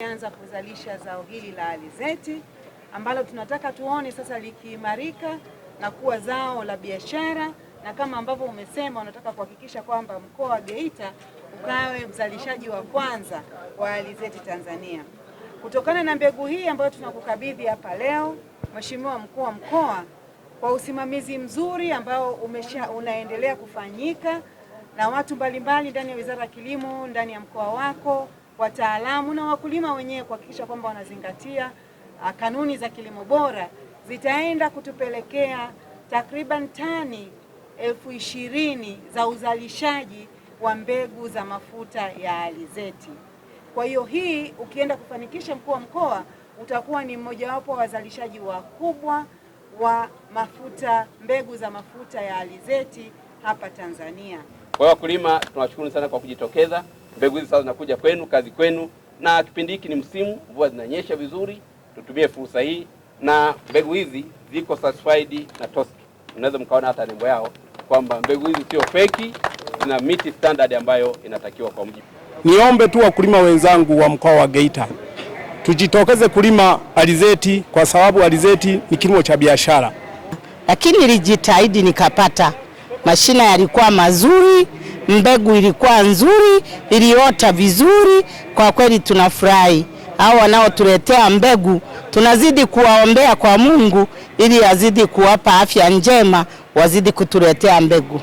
Tumeanza kuzalisha zao hili la alizeti ambalo tunataka tuone sasa likiimarika na kuwa zao la biashara, na kama ambavyo umesema unataka kuhakikisha kwamba mkoa wa Geita ukawe mzalishaji wa kwanza wa alizeti Tanzania. Kutokana na mbegu hii ambayo tunakukabidhi hapa leo, Mheshimiwa Mkuu wa Mkoa, kwa usimamizi mzuri ambao umesha unaendelea kufanyika na watu mbalimbali ndani ya Wizara ya Kilimo, ndani ya mkoa wako wataalamu na wakulima wenyewe kuhakikisha kwamba wanazingatia uh, kanuni za kilimo bora zitaenda kutupelekea takriban tani elfu ishirini za uzalishaji wa mbegu za mafuta ya alizeti. Kwa hiyo hii ukienda kufanikisha, mkuu wa mkoa utakuwa ni mmojawapo wa wazalishaji wakubwa wa mafuta, mbegu za mafuta ya alizeti hapa Tanzania. Kwa hiyo wakulima tunawashukuru sana kwa kujitokeza. Mbegu hizi sasa zinakuja kwenu, kazi kwenu, na kipindi hiki ni msimu, mvua zinanyesha vizuri, tutumie fursa hii, na mbegu hizi ziko certified na TOSCI. Unaweza mkaona hata nembo yao kwamba mbegu hizi sio feki, zina miti standard ambayo inatakiwa kwa mji. Niombe tu wakulima wenzangu wa mkoa wa Geita tujitokeze kulima alizeti, kwa sababu alizeti ni kilimo cha biashara, lakini nilijitahidi nikapata mashina yalikuwa mazuri mbegu ilikuwa nzuri, iliota vizuri. Kwa kweli tunafurahi hao wanaotuletea mbegu, tunazidi kuwaombea kwa Mungu ili azidi kuwapa afya njema, wazidi kutuletea mbegu.